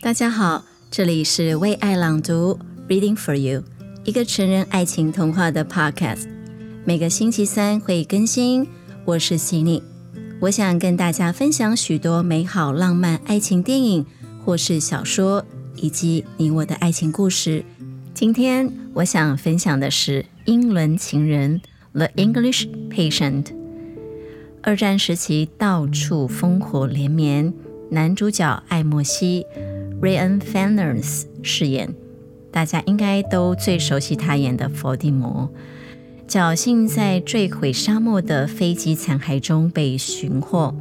大家好，這裡是為愛朗讀 （Reading for You），一個成人愛情童話的 Podcast，每個星期三會更新。我是西尼。我想跟大家分享許多美好浪漫愛情電影，或是小說，以及你我的愛情故事。今天我想分享的是《英倫情人》（The English Patient）。二戰時期，到處烽火連綿。男主角艾莫西·瑞恩·芬恩斯飾演，大家應該都最熟悉他演的《伏地魔》。僥倖在墜毀沙漠的飛機殘骸中被尋獲，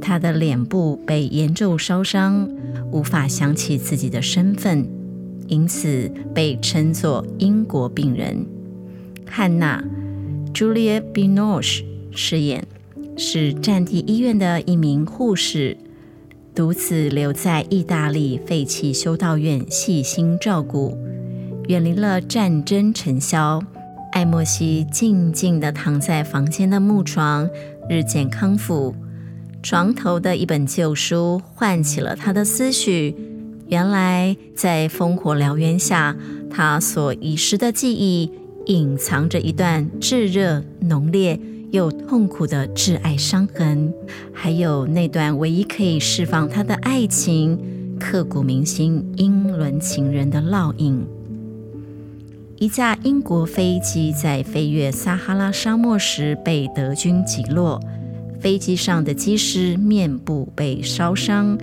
他的臉部被嚴重燒傷，無法想起自己的身份，因此被稱作“英國病人”。漢娜· Juliette Binoche 朱莉·比諾什飾演，是戰地醫院的一名護士，獨自留在意大利廢棄修道院，細心照顧，遠離了戰爭塵囂。艾莫西靜靜地躺在房間的木床，日漸康復。床頭的一本舊書喚起了他的思緒。原來，在烽火燎原下，他所遺失的記憶，隱藏着一段炙熱、濃烈又痛苦的摯愛傷痕，還有那段唯一可以釋放他的愛情、刻骨銘心英倫情人的烙印。一架英國飛機在飛越撒哈拉沙漠時被德軍擊落，飛機上的機師面部被燒傷，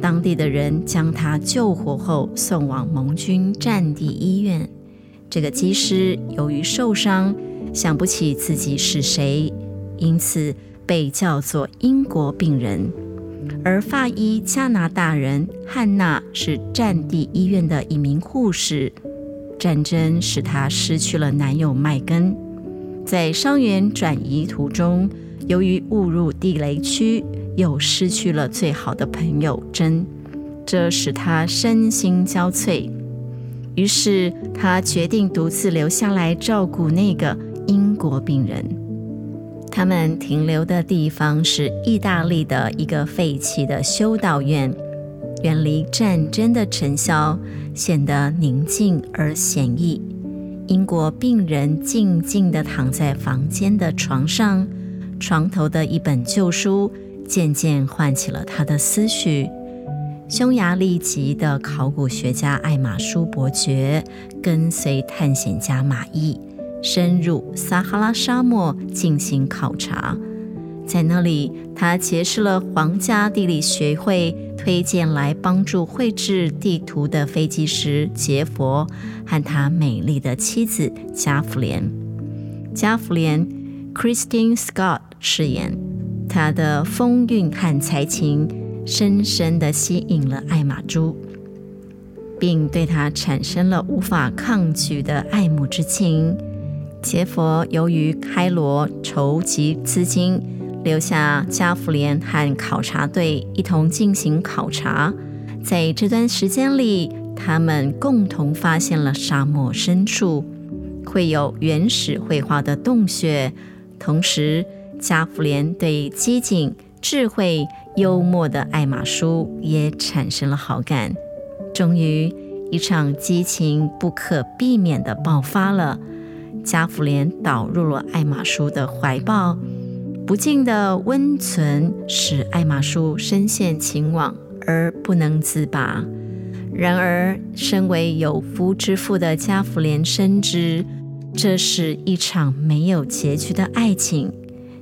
當地的人將他救活後送往盟軍戰地醫院。這個機師由於受傷，想不起自己是誰，因此被叫做“英國病人”。而法裔加拿大人漢娜是戰地醫院的一名護士。戰爭使她失去了男友麥根，在傷員轉移途中，由於誤入地雷區，又失去了最好的朋友珍，這使他身心交瘁。於是，他決定獨自留下來照顧那個英國病人。他們停留的地方是意大利的一個廢棄的修道院。遠離戰爭的塵囂，顯得寧靜而閒逸。英國病人靜靜地躺在房間的床上，床頭的一本舊書漸漸喚起了他的思緒。匈牙利籍的考古學家艾瑪舒伯爵跟隨探險家馬毅深入撒哈拉沙漠進行考察。在那裡，他結識了皇家地理學會推薦來幫助繪製地圖的飛機師傑佛和他美麗的妻子加弗蓮。加弗蓮 c h r i s t i n e Scott） 飾演，他的風韻和才情深深的吸引了艾瑪珠，並對他產生了無法抗拒的愛慕之情。傑佛由於開羅籌集資金。留下嘉芙蓮和考察隊一同進行考察。在這段時間裡，他們共同發現了沙漠深處繪有原始繪畫的洞穴。同時，嘉芙蓮對機警、智慧、幽默的艾瑪舒也產生了好感。終於，一場激情不可避免地爆發了。嘉芙蓮倒入了艾瑪舒的懷抱。不盡的溫存使艾馬殊深陷情網而不能自拔。然而，身為有夫之婦的嘉芙蓮深知，這是一場沒有結局的愛情。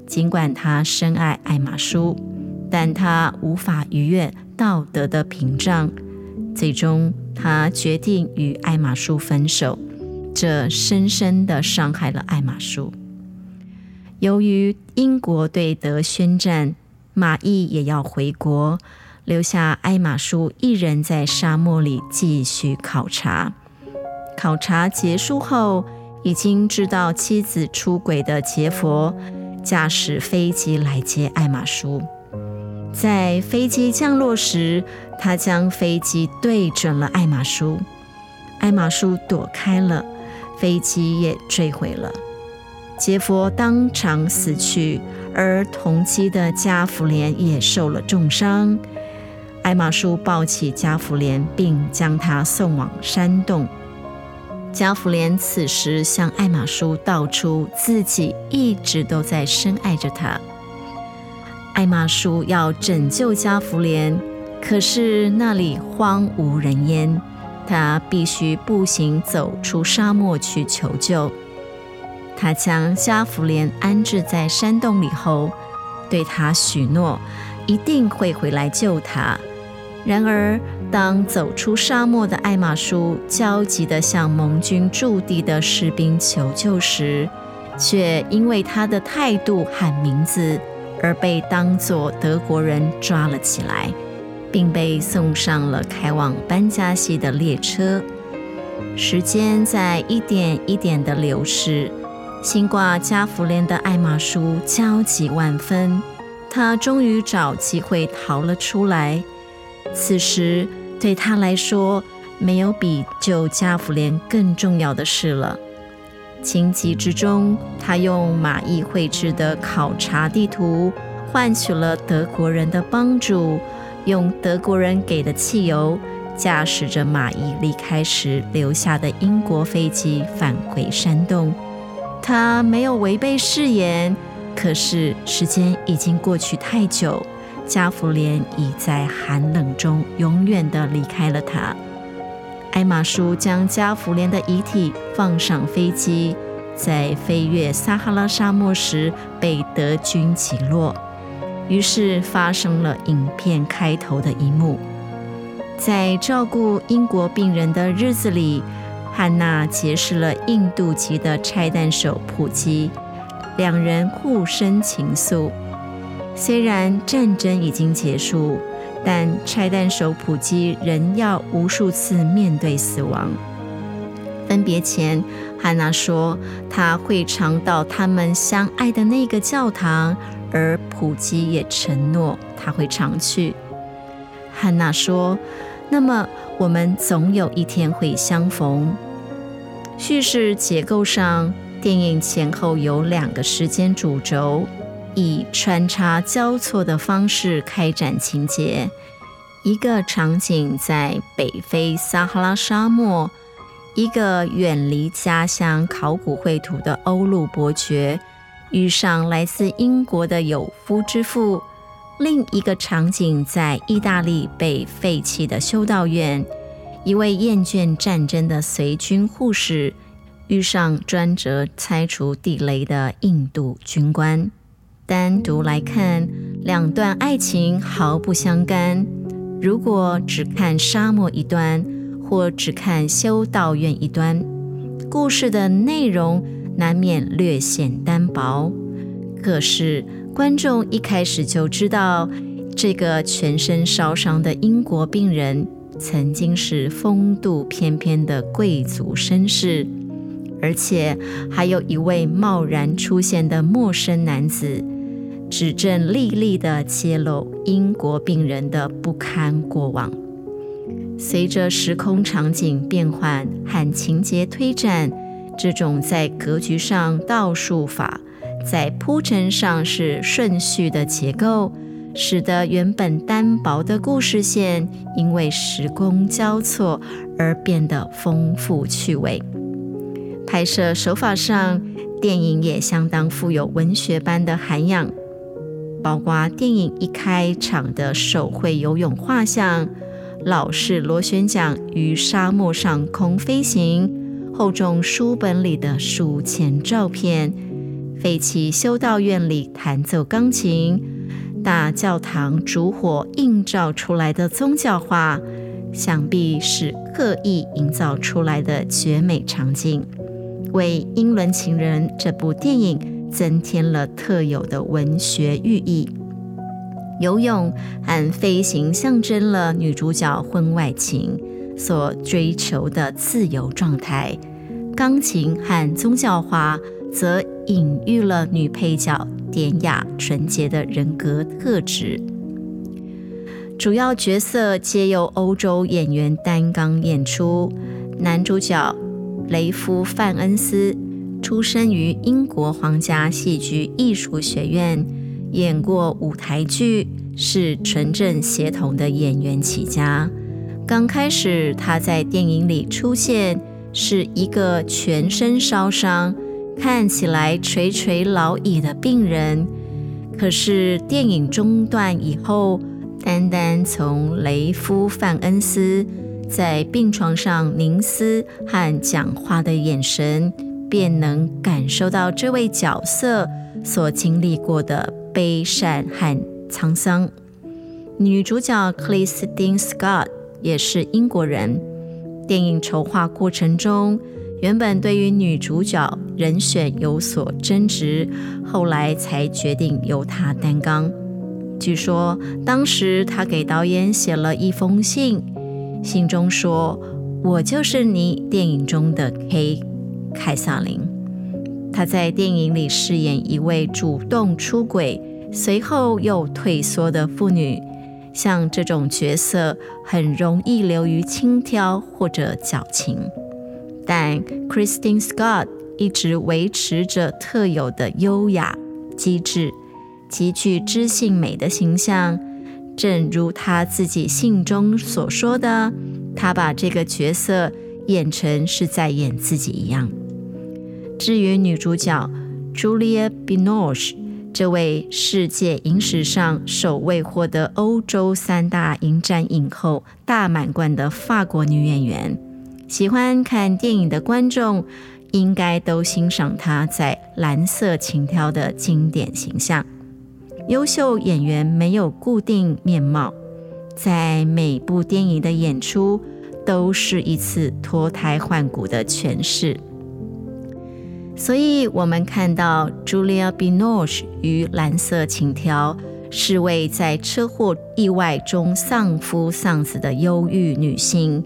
儘管她深愛艾馬殊，但她無法逾越道德的屏障。最終，她決定與艾馬殊分手，這深深地傷害了艾馬殊。由於英國對德宣戰，馬毅也要回國，留下艾瑪舒一人在沙漠裡繼續考察。考察結束後，已經知道妻子出軌的杰佛駕駛飛機來接艾瑪舒。在飛機降落時，他將飛機對準了艾瑪舒，艾瑪舒躲開了，飛機也墜毀了。杰佛當場死去，而同機的嘉芙蓮也受了重傷。艾馬殊抱起嘉芙蓮，並將他送往山洞。嘉芙蓮此時向艾馬殊道出自己一直都在深愛着他。艾馬殊要拯救嘉芙蓮，可是那裡荒無人煙，他必須步行走出沙漠去求救。他將嘉芙蓮安置在山洞裡後，對他許諾一定會回來救他。然而，當走出沙漠的艾瑪舒焦急地向盟軍駐地的士兵求救時，卻因為他的態度和名字而被當作德國人抓了起來，並被送上了開往班加西的列車。時間在一點一點地流逝。心掛嘉芙蓮的艾馬殊焦急萬分，他終於找機會逃了出來。此時對他來說，沒有比救嘉芙蓮更重要的事了。情急之中，他用馬伊繪製的考察地圖換取了德國人的幫助，用德國人給的汽油，駕駛着馬伊離開時留下的英國飛機返回山洞。他沒有違背誓言，可是時間已經過去太久，加福蓮已在寒冷中永遠的離開了他。艾瑪殊將加福蓮的遺體放上飛機，在飛越撒哈拉沙漠時被德軍擊落，於是發生了影片開頭的一幕。在照顧英國病人的日子裡。漢娜結識了印度籍的拆彈手普吉，兩人互生情愫。雖然戰爭已經結束，但拆彈手普吉仍要無數次面對死亡。分別前，漢娜說她會常到他們相愛的那個教堂，而普吉也承諾他會常去。漢娜說。那麼我們總有一天會相逢。敘事結構上，電影前後有兩個時間主軸，以穿插交錯的方式開展情節。一個場景在北非撒哈拉沙漠，一個遠離家鄉、考古繪圖的歐陸伯爵遇上來自英國的有夫之婦。另一個場景在意大利被廢棄的修道院，一位厭倦戰爭的隨軍護士遇上專責拆除地雷的印度軍官。單獨來看，兩段愛情毫不相干。如果只看沙漠一端，或只看修道院一端，故事的內容難免略顯單薄。可是。觀眾一開始就知道，這個全身燒傷的英國病人，曾經是風度翩翩的貴族紳士，而且還有一位貿然出現的陌生男子，指證歷歷地揭露英國病人的不堪過往。隨着時空場景變換和情節推展，這種在格局上倒數法。在鋪陳上是順序的結構，使得原本單薄的故事線因為時空交錯而變得豐富趣味。拍攝手法上，電影也相當富有文學般的涵養，包括電影一開場的手繪游泳畫像、老式螺旋槳於沙漠上空飛行、厚重書本裡的書籤照片。廢棄修道院裡彈奏鋼琴，大教堂燭火映照出來的宗教畫，想必是刻意營造出來的絕美場景，為《英倫情人》這部電影增添了特有的文學寓意。游泳和飛行象徵了女主角婚外情所追求的自由狀態，鋼琴和宗教畫則。隱喻了女配角典雅純潔的人格特質。主要角色皆由歐洲演員擔綱演出。男主角雷夫·范恩斯出身於英國皇家戲劇藝術學院，演過舞台劇，是純正血統的演員起家。剛開始他在電影裡出現是一個全身燒傷。看起來垂垂老矣的病人，可是電影中段以後，單單從雷夫·范恩斯在病床上凝思和講話的眼神，便能感受到這位角色所經歷過的悲傷和滄桑。女主角克里斯汀·斯科特也是英國人。電影籌劃過程中，原本對於女主角人選有所爭執，後來才決定由她擔綱。據說當時她給導演寫了一封信，信中說：“我就是你電影中的 K, 凱凱瑟琳。”她在電影裡飾演一位主動出軌，隨後又退縮的婦女。像這種角色，很容易流於輕佻或者矯情。但 Christine Scott 一直維持着特有的優雅、機智、極具知性美的形象，正如她自己信中所說的，她把這個角色演成是在演自己一樣。至於女主角 Julia Binoche，這位世界影史上首位獲得歐洲三大影展影后大滿貫的法國女演員。喜歡看電影的觀眾應該都欣賞他在《藍色情調》的經典形象。優秀演員沒有固定面貌，在每部電影的演出都是一次脫胎換骨的詮釋。所以，我們看到 Julia Binoche 與《藍色情調》是位在車禍意外中喪夫喪子的憂鬱女性。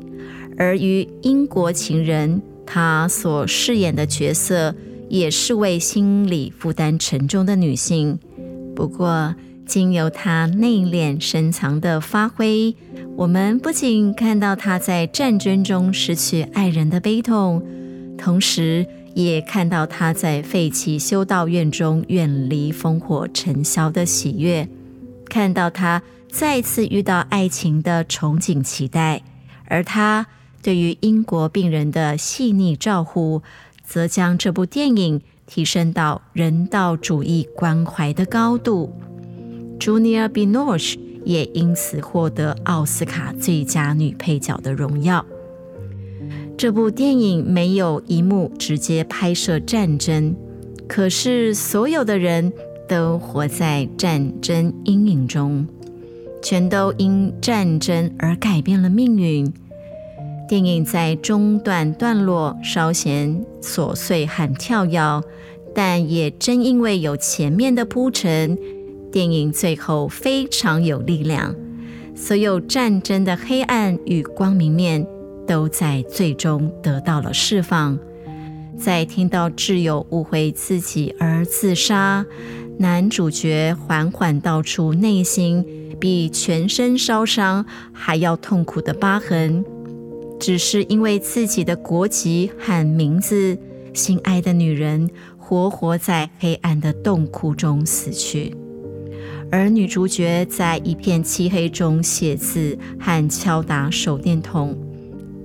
而於英倫情人，她所飾演的角色也是位心理負擔沉重的女性。不過，經由她內斂深藏的發揮，我們不僅看到她在戰爭中失去愛人的悲痛，同時也看到她在廢棄修道院中遠離烽火塵囂的喜悅，看到她再次遇到愛情的憧憬期待，而她對於英國病人的細膩照顧，則將這部電影提升到人道主義關懷的高度。Juliette Binoche 也因此獲得奧斯卡最佳女配角的榮耀。這部電影沒有一幕直接拍攝戰爭，可是所有的人都活在戰爭陰影中，全都因戰爭而改變了命運。電影在中段段落稍顯瑣碎和跳躍，但也正因為有前面的鋪陳，電影最後非常有力量。所有戰爭的黑暗與光明面都在最終得到了釋放。在聽到摯友誤會自己而自殺，男主角緩緩道出內心比全身燒傷還要痛苦的疤痕。只是因為自己的國籍和名字，心愛的女人活活在黑暗的洞窟中死去，而女主角在一片漆黑中寫字和敲打手電筒，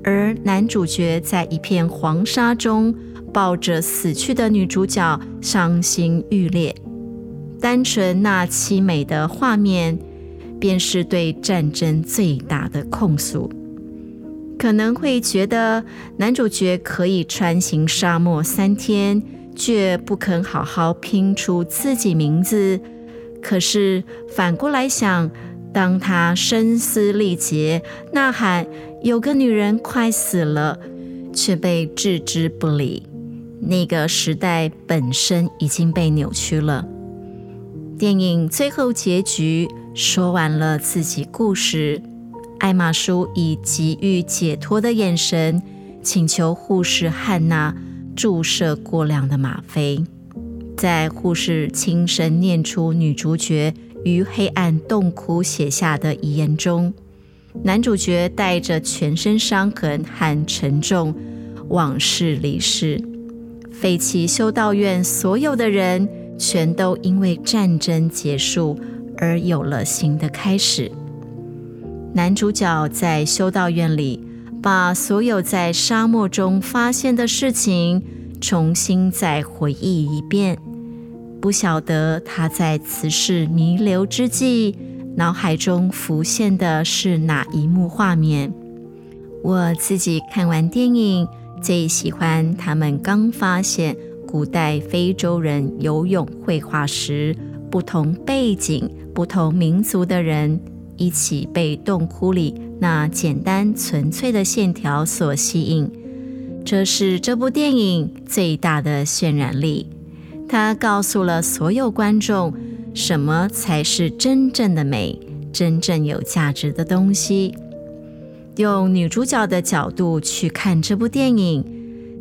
而男主角在一片黃沙中抱着死去的女主角傷心欲裂。單純那淒美的畫面，便是對戰爭最大的控訴。可能會覺得男主角可以穿行沙漠三天，卻不肯好好拼出自己名字。可是反過來想，當他聲嘶力竭吶喊“有個女人快死了”，卻被置之不理，那個時代本身已經被扭曲了。電影最後結局說完了自己故事。艾瑪叔以急於解脫的眼神，請求護士漢娜注射過量的嗎啡。在護士輕聲念出女主角於黑暗洞窟寫下的遺言中，男主角帶着全身傷痕和沉重往事離世。廢棄修道院所有的人，全都因為戰爭結束而有了新的開始。男主角在修道院裡，把所有在沙漠中發現的事情重新再回憶一遍。不曉得他在辭世彌留之際，腦海中浮現的是哪一幕畫面。我自己看完電影，最喜歡他們剛發現古代非洲人游泳繪畫時，不同背景、不同民族的人。一起被洞窟裡那簡單純粹的線條所吸引，這是這部電影最大的渲染力。它告訴了所有觀眾，什麼才是真正的美，真正有價值的東西。用女主角的角度去看這部電影，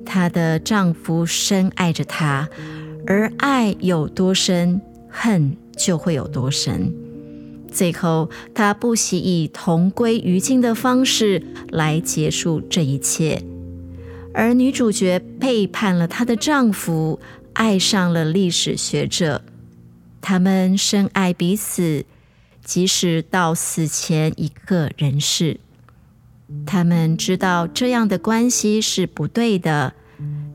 她的丈夫深愛着她，而愛有多深，恨就會有多深。最後，她不惜以同歸於盡的方式來結束這一切。而女主角背叛了她的丈夫，愛上了歷史學者。他們深愛彼此，即使到死前一個人世。他們知道這樣的關係是不對的，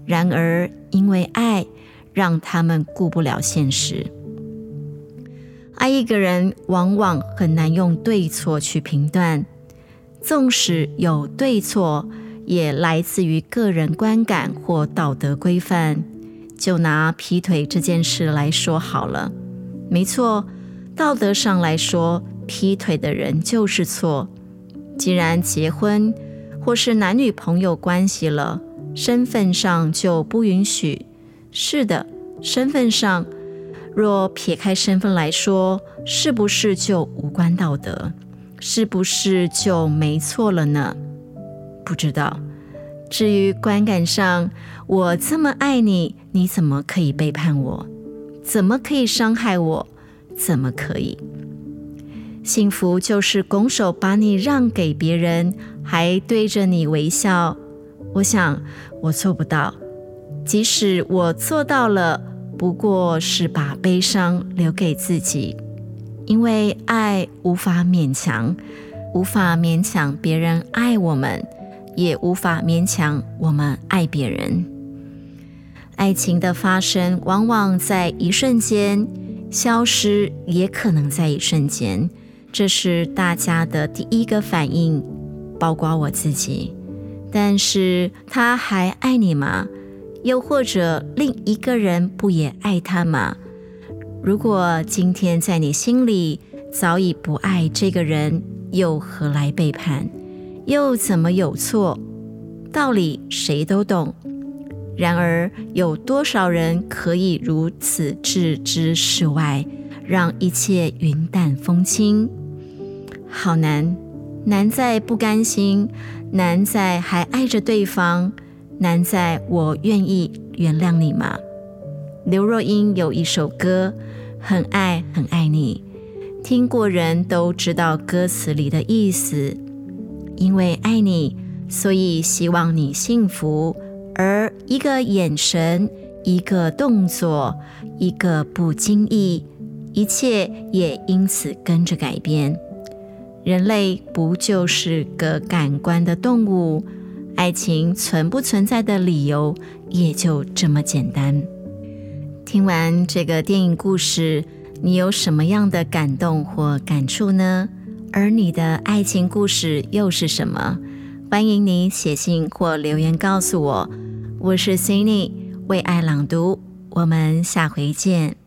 然而因為愛，讓他們顧不了現實。愛一個人，往往很難用對錯去評斷。縱使有對錯，也來自於個人觀感或道德規範。就拿劈腿這件事來說好了，沒錯，道德上來說，劈腿的人就是錯。既然結婚或是男女朋友關係了，身份上就不允許。是的，身份上。若撇開身份來說，是不是就無關道德？是不是就沒錯了呢？不知道。至於觀感上，我這麼愛你，你怎麼可以背叛我？怎麼可以傷害我？怎麼可以？幸福就是拱手把你讓給別人，還對着你微笑。我想，我做不到。即使我做到了，不過是把悲傷留給自己，因為愛無法勉強，無法勉強別人愛我們，也無法勉強我們愛別人。愛情的發生往往在一瞬間，消失，也可能在一瞬間。這是大家的第一個反應，包括我自己。但是他還愛你嗎？又或者另一個人不也愛他嗎？如果今天在你心裡早已不愛這個人，又何來背叛？又怎麼有錯？道理誰都懂，然而有多少人可以如此置之事外，讓一切雲淡風輕？好難，難在不甘心，難在還愛着對方。難在我願意原諒你嗎？劉若英有一首歌，很愛很愛你，聽過人都知道歌詞裡的意思。因為愛你，所以希望你幸福。而一個眼神，一個動作，一個不經意，一切也因此跟着改變。人類不就是個感官的動物。愛情存不存在的理由也就這麼簡單。聽完這個電影故事，你有什麼樣的感動或感觸呢？而你的愛情故事又是什麼？歡迎你寫信或留言告訴我。我是 Cini，為愛朗讀，我們下回見。